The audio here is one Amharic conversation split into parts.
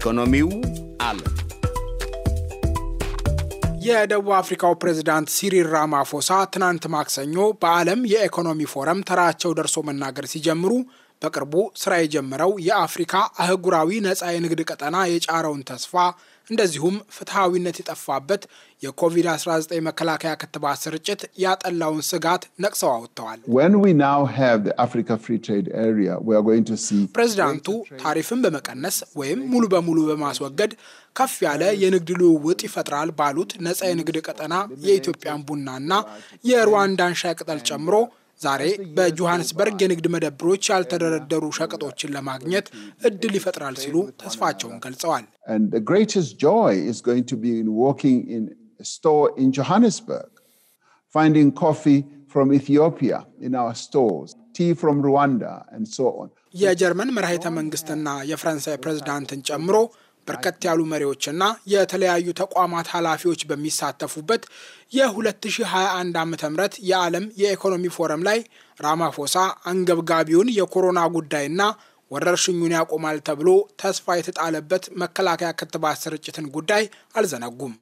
ኢኮኖሚው አለ። የደቡብ አፍሪካው ፕሬዝዳንት ሲሪል ራማፎሳ ትናንት ማክሰኞ በዓለም የኢኮኖሚ ፎረም ተራቸው ደርሶ መናገር ሲጀምሩ በቅርቡ ስራ የጀመረው የአፍሪካ አህጉራዊ ነፃ የንግድ ቀጠና የጫረውን ተስፋ እንደዚሁም ፍትሐዊነት የጠፋበት የኮቪድ-19 መከላከያ ክትባት ስርጭት ያጠላውን ስጋት ነቅሰው አውጥተዋል። ፕሬዚዳንቱ ታሪፍን በመቀነስ ወይም ሙሉ በሙሉ በማስወገድ ከፍ ያለ የንግድ ልውውጥ ይፈጥራል ባሉት ነፃ የንግድ ቀጠና የኢትዮጵያን ቡናና የሩዋንዳን ሻይ ቅጠል ጨምሮ ዛሬ በጆሃንስበርግ የንግድ መደብሮች ያልተደረደሩ ሸቀጦችን ለማግኘት እድል ይፈጥራል ሲሉ ተስፋቸውን ገልጸዋል። የጀርመን መራሄተ መንግስትና የፈረንሳይ ፕሬዝዳንትን ጨምሮ በርከት ያሉ መሪዎችና የተለያዩ ተቋማት ኃላፊዎች በሚሳተፉበት የ2021 ዓ ም የዓለም የኢኮኖሚ ፎረም ላይ ራማፎሳ አንገብጋቢውን የኮሮና ጉዳይና ወረርሽኙን ያቆማል ተብሎ ተስፋ የተጣለበት መከላከያ ክትባት ስርጭትን ጉዳይ አልዘነጉም።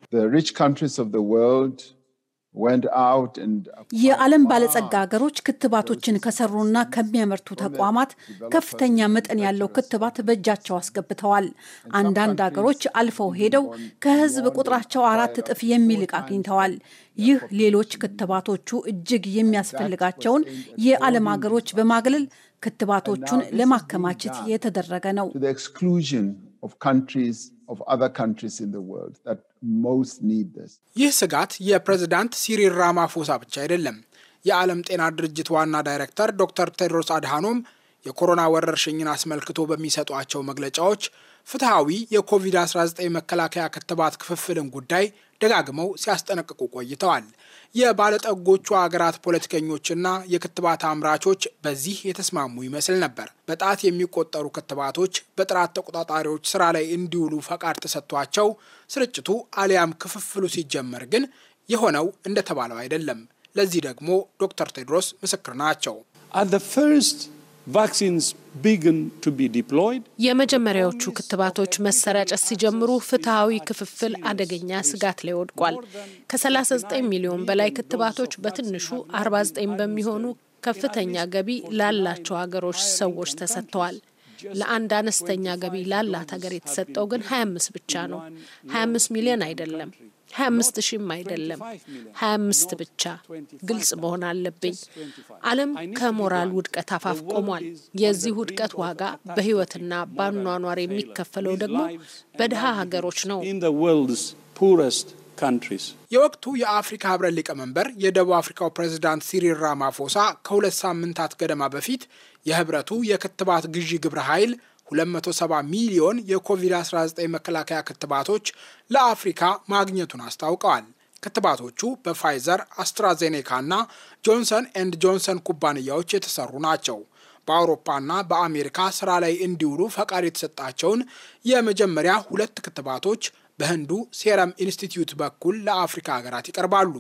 የዓለም ባለጸጋ ሀገሮች ክትባቶችን ከሰሩና ከሚያመርቱ ተቋማት ከፍተኛ መጠን ያለው ክትባት በእጃቸው አስገብተዋል። አንዳንድ ሀገሮች አልፈው ሄደው ከህዝብ ቁጥራቸው አራት እጥፍ የሚልቅ አግኝተዋል። ይህ ሌሎች ክትባቶቹ እጅግ የሚያስፈልጋቸውን የዓለም ሀገሮች በማግለል ክትባቶቹን ለማከማቸት የተደረገ ነው። ይህ ስጋት የፕሬዝዳንት ሲሪል ራማፎሳ ብቻ አይደለም። የዓለም ጤና ድርጅት ዋና ዳይሬክተር ዶክተር ቴድሮስ አድሃኖም የኮሮና ወረርሽኝን አስመልክቶ በሚሰጧቸው መግለጫዎች ፍትሐዊ የኮቪድ-19 መከላከያ ክትባት ክፍፍልን ጉዳይ ደጋግመው ሲያስጠነቅቁ ቆይተዋል። የባለጠጎቹ አገራት ፖለቲከኞችና የክትባት አምራቾች በዚህ የተስማሙ ይመስል ነበር። በጣት የሚቆጠሩ ክትባቶች በጥራት ተቆጣጣሪዎች ስራ ላይ እንዲውሉ ፈቃድ ተሰጥቷቸው ስርጭቱ አሊያም ክፍፍሉ ሲጀመር ግን የሆነው እንደተባለው አይደለም። ለዚህ ደግሞ ዶክተር ቴድሮስ ምስክር ናቸው። ቫክሲንስ ቢግን ዲፕሎይድ የመጀመሪያዎቹ ክትባቶች መሰራጨት ሲጀምሩ ፍትሐዊ ክፍፍል አደገኛ ስጋት ላይ ወድቋል። ከ39 ሚሊዮን በላይ ክትባቶች በትንሹ 49 በሚሆኑ ከፍተኛ ገቢ ላላቸው ሀገሮች ሰዎች ተሰጥተዋል። ለአንድ አነስተኛ ገቢ ላላት ሀገር የተሰጠው ግን 25 ብቻ ነው። 25 ሚሊዮን አይደለም። 25 ሺህም አይደለም 25 ብቻ። ግልጽ መሆን አለብኝ። አለም ከሞራል ውድቀት አፋፍ ቆሟል። የዚህ ውድቀት ዋጋ በህይወትና በአኗኗር የሚከፈለው ደግሞ በድሃ ሀገሮች ነው። የወቅቱ የአፍሪካ ህብረት ሊቀመንበር የደቡብ አፍሪካው ፕሬዝዳንት ሲሪል ራማፎሳ ከሁለት ሳምንታት ገደማ በፊት የህብረቱ የክትባት ግዢ ግብረ ኃይል 270 ሚሊዮን የኮቪድ-19 መከላከያ ክትባቶች ለአፍሪካ ማግኘቱን አስታውቀዋል። ክትባቶቹ በፋይዘር፣ አስትራዜኔካ እና ጆንሰን ኤንድ ጆንሰን ኩባንያዎች የተሰሩ ናቸው። በአውሮፓና በአሜሪካ ስራ ላይ እንዲውሉ ፈቃድ የተሰጣቸውን የመጀመሪያ ሁለት ክትባቶች በህንዱ ሴረም ኢንስቲትዩት በኩል ለአፍሪካ ሀገራት ይቀርባሉ።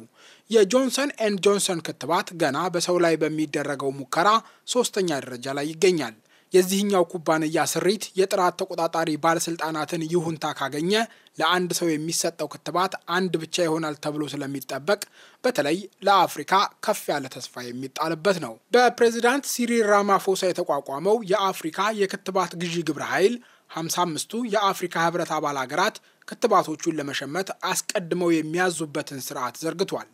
የጆንሰን ኤንድ ጆንሰን ክትባት ገና በሰው ላይ በሚደረገው ሙከራ ሶስተኛ ደረጃ ላይ ይገኛል። የዚህኛው ኩባንያ ስሪት የጥራት ተቆጣጣሪ ባለስልጣናትን ይሁንታ ካገኘ ለአንድ ሰው የሚሰጠው ክትባት አንድ ብቻ ይሆናል ተብሎ ስለሚጠበቅ በተለይ ለአፍሪካ ከፍ ያለ ተስፋ የሚጣልበት ነው። በፕሬዚዳንት ሲሪል ራማፎሳ የተቋቋመው የአፍሪካ የክትባት ግዢ ግብረ ኃይል 55ቱ የአፍሪካ ህብረት አባል ሀገራት ክትባቶቹን ለመሸመት አስቀድመው የሚያዙበትን ስርዓት ዘርግቷል።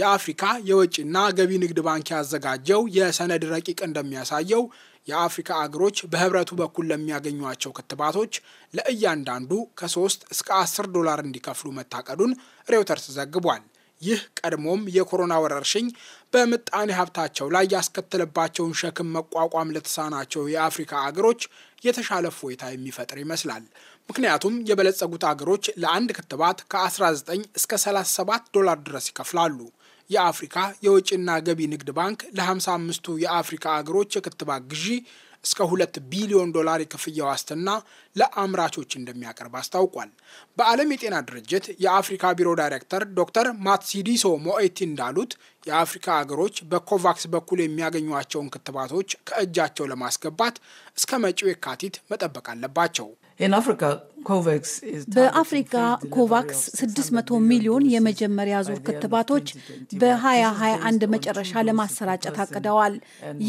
የአፍሪካ የወጪና ገቢ ንግድ ባንክ ያዘጋጀው የሰነድ ረቂቅ እንደሚያሳየው የአፍሪካ አገሮች በህብረቱ በኩል ለሚያገኟቸው ክትባቶች ለእያንዳንዱ ከሶስት እስከ 10 ዶላር እንዲከፍሉ መታቀዱን ሬውተርስ ዘግቧል። ይህ ቀድሞም የኮሮና ወረርሽኝ በምጣኔ ሀብታቸው ላይ ያስከተለባቸውን ሸክም መቋቋም ለተሳናቸው የአፍሪካ አገሮች የተሻለ ፎይታ የሚፈጥር ይመስላል። ምክንያቱም የበለጸጉት አገሮች ለአንድ ክትባት ከ19 እስከ 37 ዶላር ድረስ ይከፍላሉ። የአፍሪካ የውጭና ገቢ ንግድ ባንክ ለ55ቱ የአፍሪካ አገሮች የክትባት ግዢ እስከ 2 ቢሊዮን ዶላር የክፍያ ዋስትና ለአምራቾች እንደሚያቀርብ አስታውቋል። በዓለም የጤና ድርጅት የአፍሪካ ቢሮ ዳይሬክተር ዶክተር ማትሲዲሶ ሞኤቲ እንዳሉት የአፍሪካ አገሮች በኮቫክስ በኩል የሚያገኟቸውን ክትባቶች ከእጃቸው ለማስገባት እስከ መጪው የካቲት መጠበቅ አለባቸው። በአፍሪካ ኮቫክስ 600 ሚሊዮን የመጀመሪያ ዙር ክትባቶች በ2021 መጨረሻ ለማሰራጨት አቅደዋል።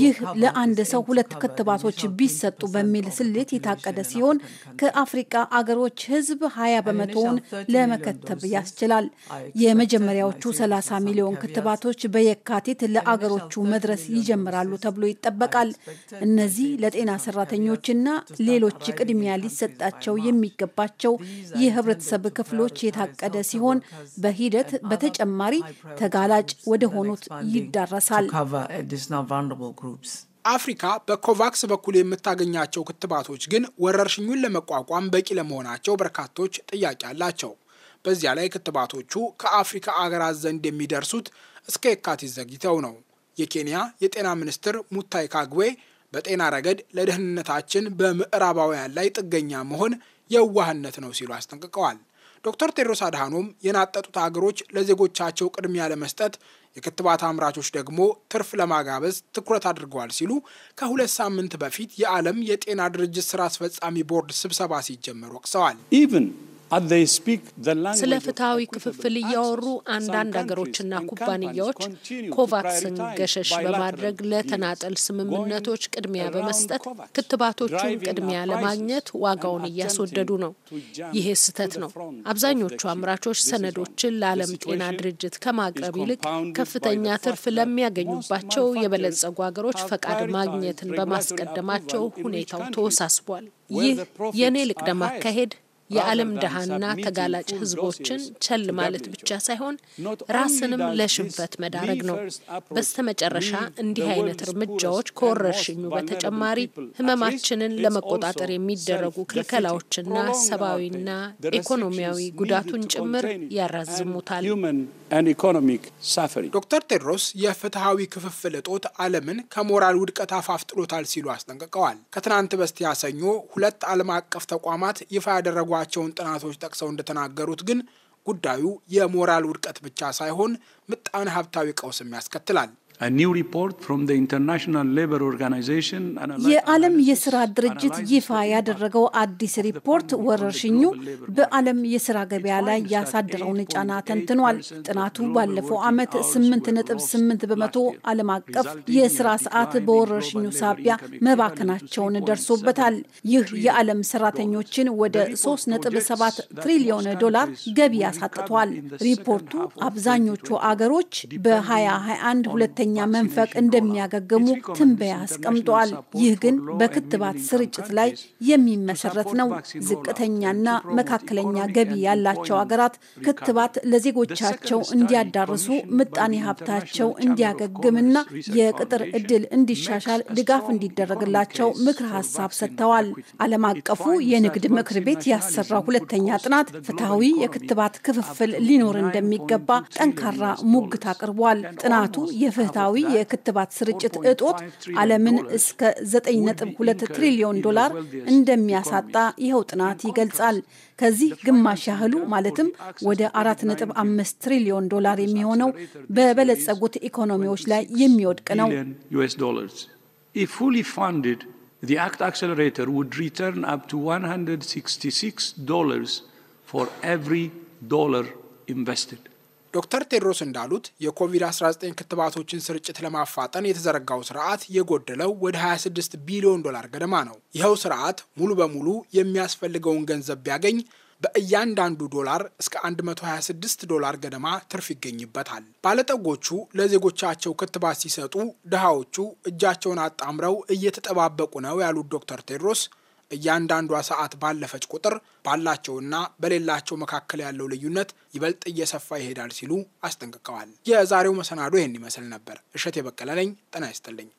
ይህ ለአንድ ሰው ሁለት ክትባቶች ቢሰጡ በሚል ስሌት የታቀደ ሲሆን ከአፍሪካ አገሮች ሕዝብ 20 በመቶውን ለመከተብ ያስችላል። የመጀመሪያዎቹ 30 ሚሊዮን ክትባቶች በየካቲት ለአገሮቹ መድረስ ይጀምራሉ ተብሎ ይጠበቃል። እነዚህ ለጤና ሰራተኞችና ሌሎች ቅድሚያ ሊሰጣቸው የሚገባ ለሚገባቸው የህብረተሰብ ክፍሎች የታቀደ ሲሆን በሂደት በተጨማሪ ተጋላጭ ወደ ሆኑት ይዳረሳል። አፍሪካ በኮቫክስ በኩል የምታገኛቸው ክትባቶች ግን ወረርሽኙን ለመቋቋም በቂ ለመሆናቸው በርካቶች ጥያቄ አላቸው። በዚያ ላይ ክትባቶቹ ከአፍሪካ አገራት ዘንድ የሚደርሱት እስከ የካቲት ዘግይተው ነው። የኬንያ የጤና ሚኒስትር ሙታይ ካግዌ በጤና ረገድ ለደህንነታችን በምዕራባውያን ላይ ጥገኛ መሆን የዋህነት ነው ሲሉ አስጠንቅቀዋል። ዶክተር ቴድሮስ አድሃኖም የናጠጡት አገሮች ለዜጎቻቸው ቅድሚያ ለመስጠት የክትባት አምራቾች ደግሞ ትርፍ ለማጋበዝ ትኩረት አድርገዋል ሲሉ ከሁለት ሳምንት በፊት የዓለም የጤና ድርጅት ስራ አስፈጻሚ ቦርድ ስብሰባ ሲጀመር ወቅሰዋል። ስለ ፍትሐዊ ክፍፍል እያወሩ አንዳንድ ሀገሮችና ኩባንያዎች ኮቫክስን ገሸሽ በማድረግ ለተናጠል ስምምነቶች ቅድሚያ በመስጠት ክትባቶቹን ቅድሚያ ለማግኘት ዋጋውን እያስወደዱ ነው። ይሄ ስህተት ነው። አብዛኞቹ አምራቾች ሰነዶችን ለዓለም ጤና ድርጅት ከማቅረብ ይልቅ ከፍተኛ ትርፍ ለሚያገኙባቸው የበለጸጉ ሀገሮች ፈቃድ ማግኘትን በማስቀደማቸው ሁኔታው ተወሳስቧል። ይህ የእኔ ልቅደም አካሄድ የዓለም ድሃና ተጋላጭ ህዝቦችን ቸል ማለት ብቻ ሳይሆን ራስንም ለሽንፈት መዳረግ ነው። በስተመጨረሻ እንዲህ አይነት እርምጃዎች ከወረርሽኙ በተጨማሪ ህመማችንን ለመቆጣጠር የሚደረጉ ክልከላዎችና ሰብአዊና ኢኮኖሚያዊ ጉዳቱን ጭምር ያራዝሙታል። ዶክተር ቴድሮስ የፍትሐዊ ክፍፍል እጦት ዓለምን ከሞራል ውድቀት አፋፍ ጥሎታል ሲሉ አስጠንቅቀዋል። ከትናንት በስቲያ ሰኞ ሁለት ዓለም አቀፍ ተቋማት ይፋ ያደረጓቸውን ጥናቶች ጠቅሰው እንደተናገሩት ግን ጉዳዩ የሞራል ውድቀት ብቻ ሳይሆን ምጣኔ ሀብታዊ ቀውስም ያስከትላል። የዓለም የስራ ድርጅት ይፋ ያደረገው አዲስ ሪፖርት ወረርሽኙ በዓለም የስራ ገበያ ላይ ያሳደረውን ጫና ተንትኗል። ጥናቱ ባለፈው ዓመት 8.8 በመቶ ዓለም አቀፍ የስራ ሰዓት በወረርሽኙ ሳቢያ መባከናቸውን ደርሶበታል። ይህ የዓለም ሰራተኞችን ወደ 3.7 ትሪሊዮን ዶላር ገቢ ያሳጥቷል። ሪፖርቱ አብዛኞቹ አገሮች በ2021 ሁለተኛ ከፍተኛ መንፈቅ እንደሚያገግሙ ትንበያ አስቀምጧል። ይህ ግን በክትባት ስርጭት ላይ የሚመሰረት ነው። ዝቅተኛና መካከለኛ ገቢ ያላቸው ሀገራት ክትባት ለዜጎቻቸው እንዲያዳርሱ፣ ምጣኔ ሀብታቸው እንዲያገግምና የቅጥር እድል እንዲሻሻል ድጋፍ እንዲደረግላቸው ምክር ሀሳብ ሰጥተዋል። ዓለም አቀፉ የንግድ ምክር ቤት ያሰራው ሁለተኛ ጥናት ፍትሐዊ የክትባት ክፍፍል ሊኖር እንደሚገባ ጠንካራ ሙግት አቅርቧል። ጥናቱ የፍትህ ፍትሐዊ የክትባት ስርጭት እጦት ዓለምን እስከ 9.2 ትሪሊዮን ዶላር እንደሚያሳጣ ይኸው ጥናት ይገልጻል። ከዚህ ግማሽ ያህሉ ማለትም ወደ 4.5 ትሪሊዮን ዶላር የሚሆነው በበለጸጉት ኢኮኖሚዎች ላይ የሚወድቅ ነው። ዶላር ዶክተር ቴድሮስ እንዳሉት የኮቪድ-19 ክትባቶችን ስርጭት ለማፋጠን የተዘረጋው ስርዓት የጎደለው ወደ 26 ቢሊዮን ዶላር ገደማ ነው። ይኸው ስርዓት ሙሉ በሙሉ የሚያስፈልገውን ገንዘብ ቢያገኝ በእያንዳንዱ ዶላር እስከ 126 ዶላር ገደማ ትርፍ ይገኝበታል። ባለጠጎቹ ለዜጎቻቸው ክትባት ሲሰጡ ድሃዎቹ እጃቸውን አጣምረው እየተጠባበቁ ነው ያሉት ዶክተር ቴድሮስ እያንዳንዷ ሰዓት ባለፈች ቁጥር ባላቸውና በሌላቸው መካከል ያለው ልዩነት ይበልጥ እየሰፋ ይሄዳል ሲሉ አስጠንቅቀዋል። የዛሬው መሰናዶ ይህን ይመስል ነበር። እሸት የበቀለ ነኝ። ጤና ይስጥልኝ።